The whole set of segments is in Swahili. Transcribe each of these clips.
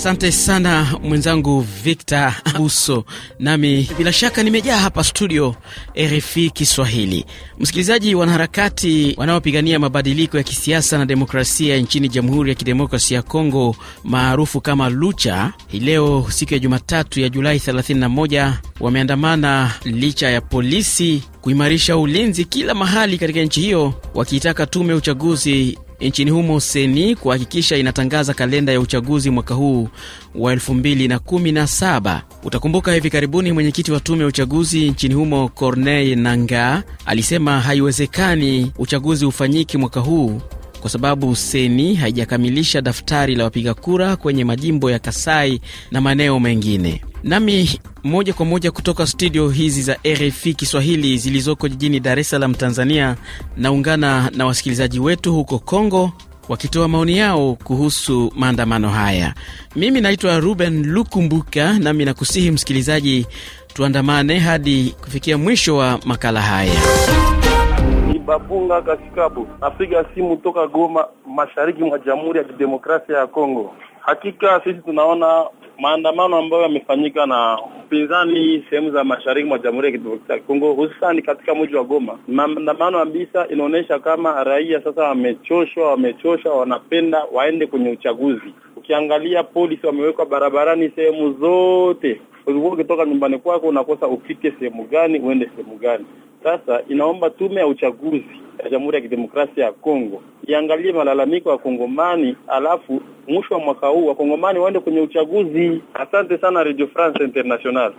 Asante sana mwenzangu Victor Abuso, nami bila shaka nimejaa hapa studio RFI Kiswahili. Msikilizaji, wanaharakati wanaopigania mabadiliko ya kisiasa na demokrasia nchini Jamhuri ya Kidemokrasia ya Kongo maarufu kama Lucha, hii leo siku ya Jumatatu ya Julai 31 wameandamana licha ya polisi kuimarisha ulinzi kila mahali katika nchi hiyo, wakiitaka tume ya uchaguzi nchini humo seni kuhakikisha inatangaza kalenda ya uchaguzi mwaka huu wa 217 Utakumbuka hivi karibuni mwenyekiti wa tume ya uchaguzi nchini humo Corneille nanga alisema haiwezekani uchaguzi ufanyike mwaka huu kwa sababu seni haijakamilisha daftari la wapiga kura kwenye majimbo ya Kasai na maeneo mengine nami moja kwa moja kutoka studio hizi za RFI Kiswahili zilizoko jijini Dar es Salaam, Tanzania. Naungana na wasikilizaji wetu huko Kongo wakitoa maoni yao kuhusu maandamano haya. Mimi naitwa Ruben Lukumbuka, nami nakusihi msikilizaji, tuandamane hadi kufikia mwisho wa makala haya. Bapunga Kasikabu napiga simu toka Goma, mashariki mwa Jamhuri ya Kidemokrasia ya Kongo. Hakika sisi tunaona maandamano ambayo yamefanyika na upinzani sehemu za mashariki mwa Jamhuri ya Kidemokrasia ya Kongo, hususan katika mji wa Goma. Maandamano kabisa inaonyesha kama raia sasa wamechoshwa, wamechoshwa, wanapenda waende kwenye uchaguzi. Ukiangalia polisi wamewekwa barabarani sehemu zote, Ulikuwa ukitoka nyumbani kwako unakosa ufike sehemu gani, uende sehemu gani. Sasa inaomba tume ya uchaguzi ya Jamhuri ya Kidemokrasia ya Kongo iangalie malalamiko ya Kongomani, alafu mwisho wa mwaka huu Wakongomani waende kwenye uchaguzi. Asante sana Radio France International.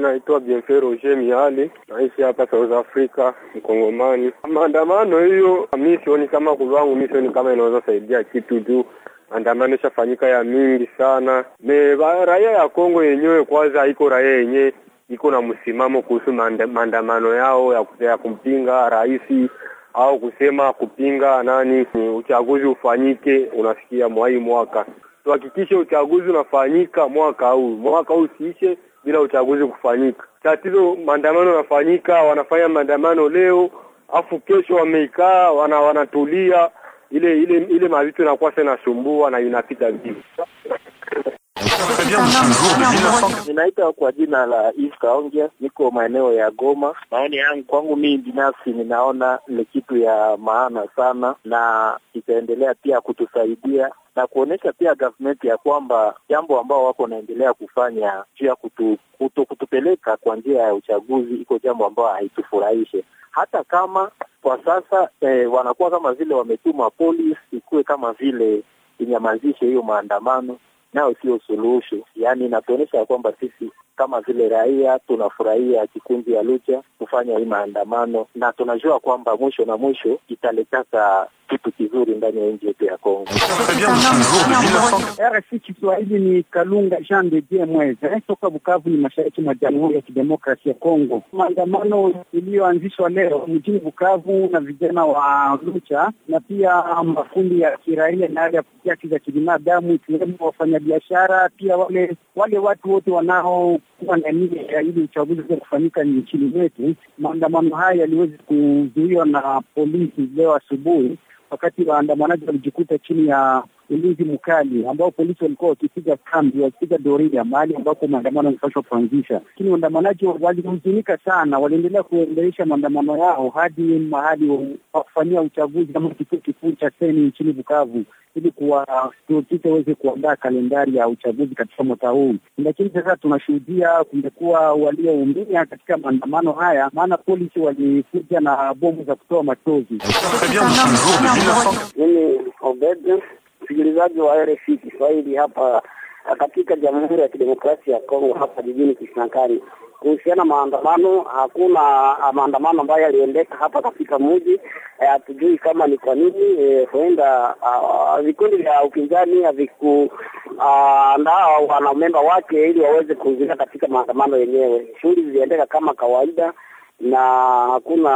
Naitwa Bienfait Roger Miali, naishi hapa South Africa, Mkongomani. Maandamano hiyo mi sioni kama kwangu, mi sioni kama inaweza saidia kitu juu maandamano ishafanyika ya mingi sana. Me raia ya Kongo yenyewe kwanza iko raia yenyewe iko na msimamo kuhusu maandamano yao ya, ya kumpinga rais au kusema kupinga nani uchaguzi ufanyike. Unafikia mwai mwaka, tuhakikishe uchaguzi unafanyika mwaka huu, mwaka huu usiishe bila uchaguzi kufanyika. Tatizo maandamano yanafanyika, wanafanya maandamano leo afu kesho wameikaa wana, wanatulia ile ile ile mavitu inakuwa sana inasumbua na inapita vipi. Ninaita kwa jina la Iskaongia, niko maeneo ya Goma. Maoni yangu kwangu mimi binafsi, ninaona ni kitu ya maana sana, na itaendelea pia kutusaidia na kuonyesha pia government ya kwamba jambo ambao wako naendelea kufanya juu ya kutu, kutu, kutupeleka kwa njia ya uchaguzi iko jambo ambayo haitufurahishe hata kama kwa sasa eh, wanakuwa kama vile wametuma polisi ikuwe kama vile inyamazishe hiyo maandamano, nayo sio suluhisho. Yaani inatuonyesha ya kwamba sisi kama vile raia tunafurahia kikundi ya Lucha kufanya hii maandamano, na tunajua kwamba mwisho na mwisho italetaka kitu kizuri ndani ya nchi yetu ya Kongo. RFI Kiswahili ni Kalunga Jean de Dieu Mweze eh, toka Bukavu ni mashariki mwa Jamhuri ya Kidemokrasia ya Kongo. Maandamano iliyoanzishwa leo mjini Bukavu na vijana wa Lucha na pia makundi ya kiraia na yale ya kutetea haki za kibinadamu ikiwemo wafanyabiashara, pia wale wale watu wote wanaokuwa na nia ya ili uchaguzi uweze kufanyika nchini mwetu. Maandamano haya yaliweza kuzuiwa na polisi leo asubuhi wakati waandamanaji walijikuta chini ya ulinzi mkali ambao polisi walikuwa wakipiga kambi, wakipiga doria mahali ambapo maandamano yalipashwa kuanzisha. Lakini waandamanaji walihuzunika sana, waliendelea kuendelesha maandamano yao hadi mahali kufanyia uchaguzi kama kituo kikuu cha seni nchini Bukavu ili kuwatuokite weze kuandaa kalendari ya uchaguzi katika mwaka huu. Lakini sasa tunashuhudia kumekuwa walioumia katika maandamano haya, maana polisi walikuja na bomu za kutoa machozi. Mimi Wasikilizaji wa RFI Kiswahili hapa eh, katika Jamhuri ya Kidemokrasia ya Kongo hapa jijini Kisangani, kuhusiana maandamano. Hakuna eh, maandamano ambayo yaliendeka hapa katika mji, eh, hatujui e, kama ni kwa nini e, huenda ah, vikundi vya upinzani havikuandaa ah, wanamemba wake ili waweze kuingia katika maandamano yenyewe. Shughuli ziliendeka kama kawaida na hakuna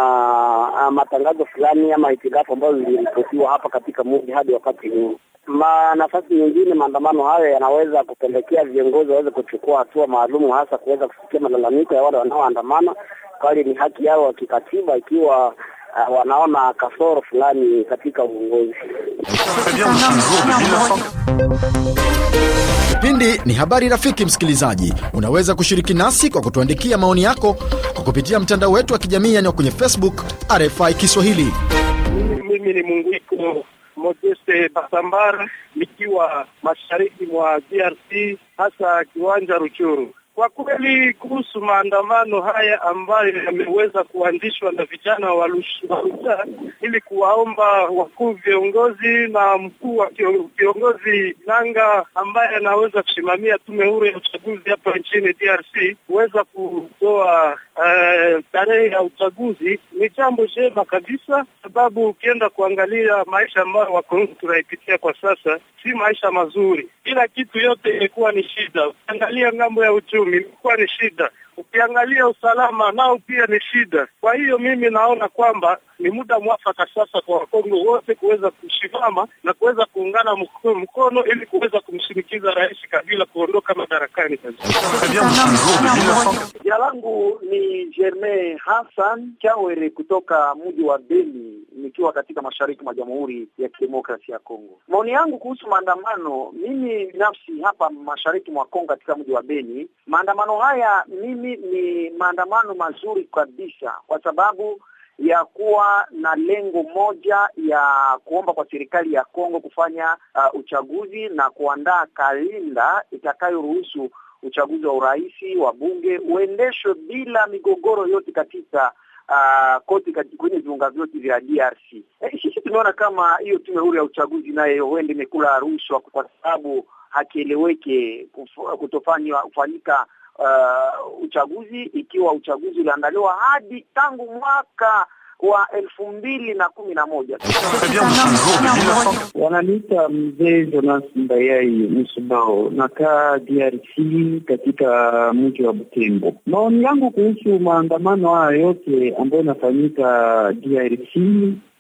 uh, matangazo fulani ama hitilafu ambazo ziliripotiwa hapa katika mji hadi wakati huu. Ma nafasi nyingine, maandamano hayo yanaweza kupelekea viongozi waweze kuchukua hatua maalumu, hasa kuweza kufikia malalamiko ya wale wanaoandamana, kwani ni haki yao ya kikatiba ikiwa uh, wanaona kasoro fulani katika uongozi. Kipindi ni habari rafiki msikilizaji, unaweza kushiriki nasi kwa kutuandikia maoni yako kupitia mtandao wetu wa kijamii yani kwenye Facebook RFI Kiswahili. Mimi ni Munguiko Modeste Basambara nikiwa mashariki mwa DRC hasa kiwanja Ruchuru. Kwa kweli kuhusu maandamano haya ambayo yameweza kuandishwa na vijana wa Lucha ili kuwaomba wakuu viongozi na mkuu wa kiongozi Nanga ambaye anaweza kusimamia tume huru ya uchaguzi hapa nchini DRC kuweza kutoa eh, tarehe uh, ya uchaguzi ni jambo jema kabisa, sababu ukienda kuangalia maisha ambayo Wakongo tunaipitia kwa sasa si maisha mazuri. Kila kitu yote imekuwa ni shida, ukiangalia ng'ambo ya uchumi a Aparecida, ukiangalia usalama nao pia ni shida. Kwa hiyo mimi naona kwamba ni muda mwafaka sasa kwa Wakongo wote kuweza kusimama na kuweza kuungana mkono ili kuweza kumshinikiza Rais Kabila kuondoka madarakani. Jina langu ni Germain Hassan Chawere kutoka mji wa Beni nikiwa katika mashariki mwa Jamhuri ya Kidemokrasia ya Kongo. Maoni yangu kuhusu maandamano, mimi binafsi hapa mashariki mwa Kongo katika mji wa Beni, maandamano haya mimi hili ni maandamano mazuri kabisa kwa sababu ya kuwa na lengo moja ya kuomba kwa serikali ya Kongo kufanya uh, uchaguzi na kuandaa kalenda itakayoruhusu uchaguzi wa urais wa bunge uendeshwe bila migogoro yote katika uh, koti kwenye viunga vyote vya DRC. E, eh, sisi tumeona kama hiyo tume huru ya uchaguzi nayo huenda imekula rushwa kwa sababu hakieleweke kutofanywa kufanyika uh, uchaguzi ikiwa uchaguzi uliandaliwa hadi tangu mwaka wa elfu mbili na kumi na moja. Wananiita mzee Jonas Mbayai Msubao, nakaa DRC katika mji wa Butembo. Maoni yangu kuhusu maandamano haya yote ambayo inafanyika DRC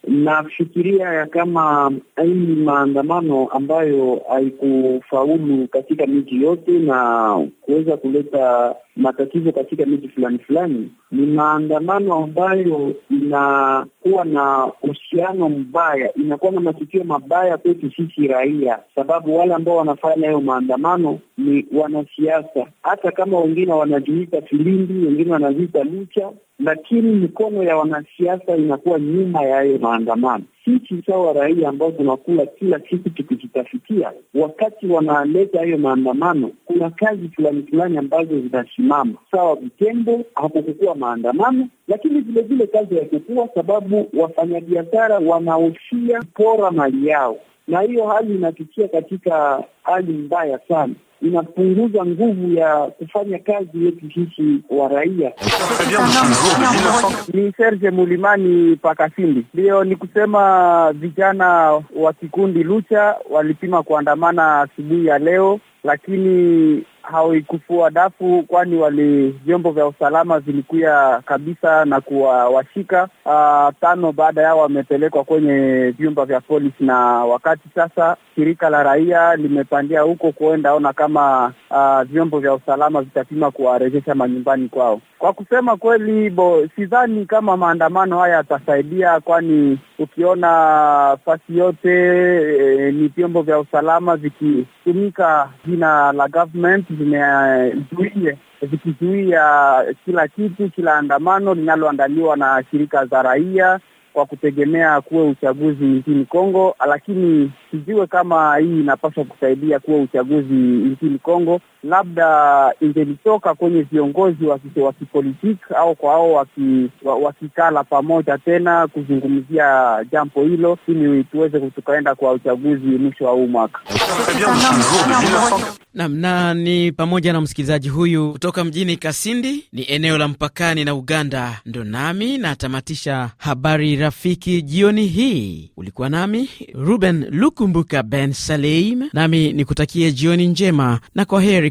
Nafikiria ya kama hii maandamano ambayo haikufaulu katika miji yote na kuweza kuleta matatizo katika miji fulani fulani, ni maandamano ambayo inakuwa na uhusiano mbaya, inakuwa na matukio mabaya kwetu sisi raia, sababu wale ambao wanafanya hayo maandamano ni wanasiasa, hata kama wengine wanajiita filimbi, wengine wanajiita lucha, lakini mikono ya wanasiasa inakuwa nyuma ya hayo maandamano. Sisi sawa raia ambao tunakula kila siku tukijitafikia, wakati wanaleta hayo maandamano, kuna kazi fulani fulani ambazo zinasimama sawa. Vitendo hakukukuwa maandamano, lakini vilevile kazi haikukuwa sababu wafanyabiashara wanaoshia pora mali yao na hiyo hali inatukia katika hali mbaya sana, inapunguza nguvu ya kufanya kazi yetu sisi wa raia. Ni Serge Mulimani Pakasindi. Ndiyo, ni kusema vijana wa kikundi Lucha walipima kuandamana asubuhi ya leo, lakini hawikufua dafu, kwani wali vyombo vya usalama vilikuya kabisa na kuwawashika. Ah, tano baada yao wamepelekwa kwenye vyumba vya polisi, na wakati sasa shirika la raia limepandia huko kuenda ona kama Uh, vyombo vya usalama vitapima kuwarejesha manyumbani kwao. Kwa kusema kweli, bo sidhani kama maandamano haya yatasaidia, kwani ukiona fasi yote e, ni vyombo vya usalama vikitumika jina la government vimezuie vikizuia kila kitu, kila andamano linaloandaliwa na shirika za raia kwa kutegemea kuwe uchaguzi nchini Kongo, lakini sijue kama hii inapaswa kusaidia kuwe uchaguzi nchini Kongo labda ingelitoka kwenye viongozi wa kipolitiki au kwa ao wakikala wa pamoja tena kuzungumzia jambo hilo, ili tuweze tukaenda kwa uchaguzi mwisho wa huu mwaka. Naam, na ni pamoja na msikilizaji huyu kutoka mjini Kasindi, ni eneo la mpakani na Uganda. Ndo nami natamatisha habari rafiki jioni hii. Ulikuwa nami Ruben Lukumbuka Ben Saleim, nami nikutakie jioni njema na kwa heri